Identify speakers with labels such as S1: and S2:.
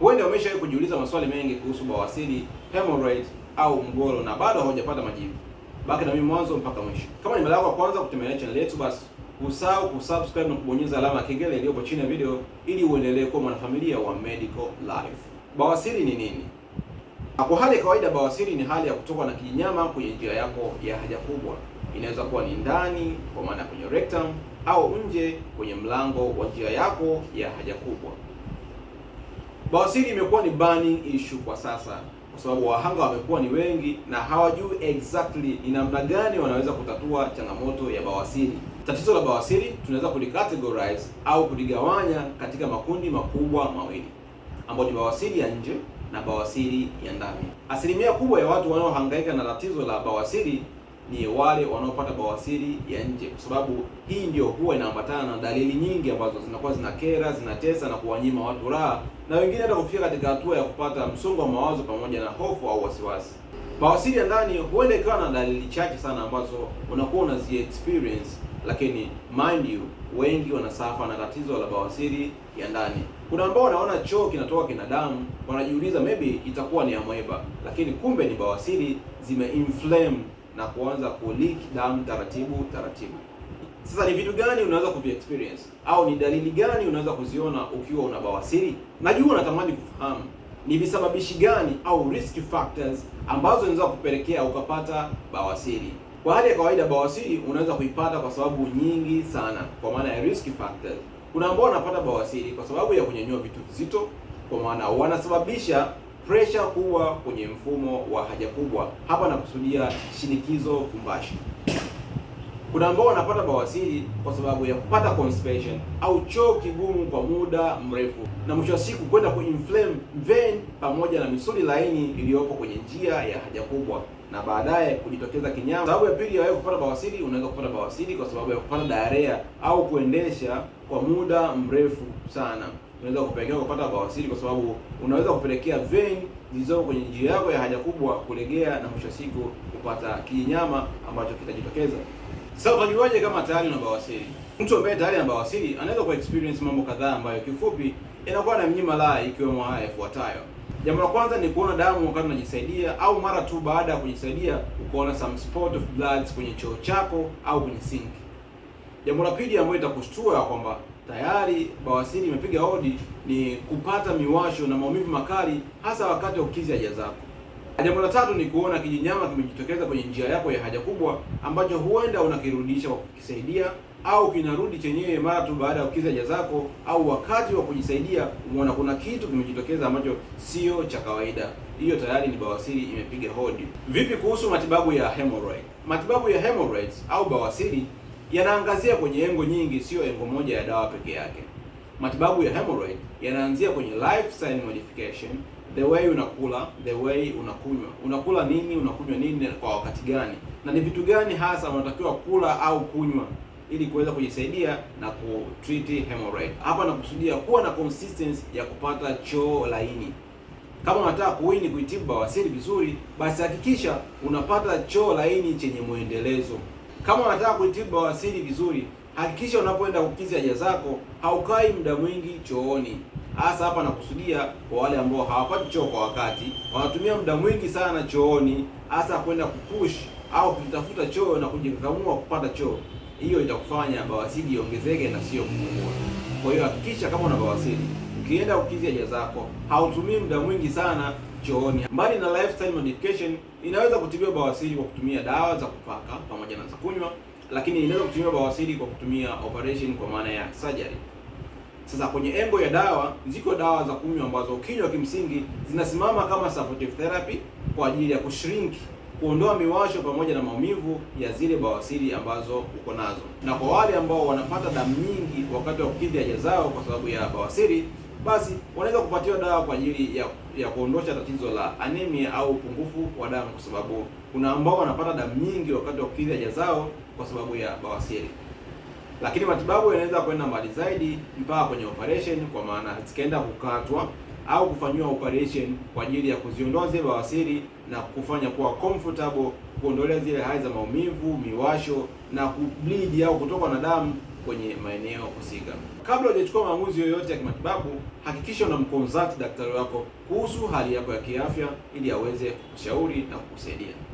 S1: Huenda umeshawahi kujiuliza maswali mengi kuhusu bawasiri, hemorrhoid au mgolo na bado haujapata majibu. Baki na mimi mwanzo mpaka mwisho. Kama ni mara yako ya kwanza kutembelea channel yetu, basi usahau kusubscribe na kubonyeza alama ya kengele iliyopo chini ya video ili uendelee kuwa mwanafamilia wa Medical Life. Bawasiri ni nini? Kwa hali ya kawaida, bawasiri ni hali ya kutokwa na kinyama kwenye njia yako ya haja kubwa. Inaweza kuwa ni ndani, kwa maana kwenye rectum, au nje kwenye mlango wa njia yako ya haja kubwa. Bawasiri imekuwa ni burning issue kwa sasa, kwa sababu wahanga wamekuwa ni wengi na hawajui exactly ni namna gani wanaweza kutatua changamoto ya bawasiri. Tatizo la bawasiri tunaweza kulicategorize au kuligawanya katika makundi makubwa mawili ambayo ni bawasiri ya nje na bawasiri ya ndani. Asilimia kubwa ya watu wanaohangaika na tatizo la bawasiri ni wale wanaopata bawasiri ya nje, kwa sababu hii ndio huwa inaambatana na dalili nyingi ambazo zinakuwa zinakera, zinatesa na kuwanyima watu raha, na wengine hata kufika katika hatua ya kupata msongo wa mawazo pamoja na hofu au wasiwasi. Bawasiri ya ndani huenda ikawa na dalili chache sana ambazo unakuwa unazi experience, lakini mind you, wengi wanasafa na tatizo la bawasiri ya ndani. Kuna ambao wanaona choo kinatoka kina damu, wanajiuliza maybe itakuwa ni amoeba, lakini kumbe ni bawasiri zimeinflame na kuanza kuleak damu taratibu taratibu. Sasa ni vitu gani unaweza kuvi experience au ni dalili gani unaweza kuziona ukiwa una bawasiri? Najua unatamani kufahamu ni visababishi gani au risk factors ambazo zinaweza kupelekea ukapata bawasiri. Kwa hali ya kawaida, bawasiri unaweza kuipata kwa sababu nyingi sana, kwa maana ya risk factors. Kuna ambao wanapata bawasiri kwa sababu ya kunyanyua vitu vizito, kwa maana wanasababisha Pressure kubwa kwenye mfumo wa haja kubwa. Hapa nakusudia shinikizo fumbashi. Kuna ambao wanapata bawasiri kwa sababu ya kupata constipation au choo kigumu kwa muda mrefu, na mwisho wa siku kwenda kuinflame vein pamoja na misuli laini iliyopo kwenye njia ya haja kubwa, na baadaye kujitokeza kinyama. Sababu ya pili ya wewe kupata bawasiri, unaweza kupata bawasiri kwa sababu ya kupata diarrhea au kuendesha kwa muda mrefu sana unaweza kupelekea kupata bawasiri, kwa sababu unaweza kupelekea vein zilizoko kwenye njia yako ya haja kubwa kulegea na mwisho siku kupata kinyama ambacho kitajitokeza. Sasa utajuaje kama tayari una bawasiri? Mtu ambaye tayari ana bawasiri anaweza ku experience mambo kadhaa ambayo kifupi inakuwa na mnyima raha, ikiwemo haya yafuatayo. Jambo la kwanza ni kuona damu wakati unajisaidia au mara tu baada ya kujisaidia ukaona some spot of blood kwenye choo chako au kwenye sink. Jambo la pili ambalo itakushtua kwamba tayari bawasiri imepiga hodi ni kupata miwasho na maumivu makali, hasa wakati wa kukizi haja zako. Jambo la tatu ni kuona kijinyama kimejitokeza kwenye njia yako ya haja kubwa, ambacho huenda unakirudisha kwa kukisaidia au kinarudi chenyewe mara tu baada ya kukizi haja zako, au wakati wa kujisaidia umeona kuna kitu kimejitokeza ambacho sio cha kawaida. Hiyo tayari ni bawasiri imepiga hodi. Vipi kuhusu matibabu ya hemorrhoid? Matibabu ya hemorrhoids au bawasiri yanaangazia kwenye engo nyingi, siyo engo moja ya dawa peke yake. Matibabu ya hemorrhoid yanaanzia kwenye lifestyle modification, the way unakula, the way unakunywa, unakula nini, unakunywa nini, kwa wakati gani, na ni vitu gani hasa unatakiwa kula au kunywa ili kuweza kujisaidia na kutreat hemorrhoid. Hapa nakusudia kuwa na consistency ya kupata choo laini. Kama unataka kuwini kuitibu bawasiri vizuri, basi hakikisha unapata choo laini chenye mwendelezo. Kama unataka kuitibu bawasiri vizuri, hakikisha unapoenda kukizi haja zako haukai muda mwingi chooni. Hasa hapa nakusudia kwa wale ambao hawapati choo kwa wakati, wanatumia muda mwingi sana chooni, hasa kwenda kupush au kutafuta choo na kujikakamua kupata choo. Hiyo itakufanya bawasiri iongezeke na sio kupungua. Kwa hiyo hakikisha kama una bawasiri ukienda ukizi haja zako, hautumii muda mwingi sana chooni. Mbali na lifestyle modification, inaweza kutibiwa bawasiri kwa kutumia dawa za kupaka pamoja na za kunywa, lakini inaweza kutumia bawasiri kwa kutumia operation, kwa maana ya surgery. Sasa kwenye embo ya dawa, ziko dawa za kunywa ambazo ukinywa, kimsingi zinasimama kama supportive therapy kwa ajili ya kushrink kuondoa miwasho pamoja na maumivu ya zile bawasiri ambazo uko nazo. Na kwa wale ambao wanapata damu nyingi wakati wa kukidhi haja zao kwa sababu ya bawasiri basi wanaweza kupatiwa dawa kwa ajili ya, ya kuondosha tatizo la anemia au upungufu wa damu, kwa sababu kuna ambao wanapata damu nyingi wakati wa kukidhi haja zao kwa sababu ya bawasiri. Lakini matibabu yanaweza kwenda mbali zaidi mpaka kwenye operation, kwa maana zikaenda kukatwa au kufanyiwa operation kwa ajili ya kuziondoa zile bawasiri na kufanya kuwa comfortable, kuondolea zile hali za maumivu, miwasho na kubleed au kutokwa na damu kwenye maeneo husika. Kabla hujachukua maamuzi yoyote ya kimatibabu, hakikisha una mkonzati daktari wako kuhusu hali yako ya kiafya ili aweze kushauri na kukusaidia.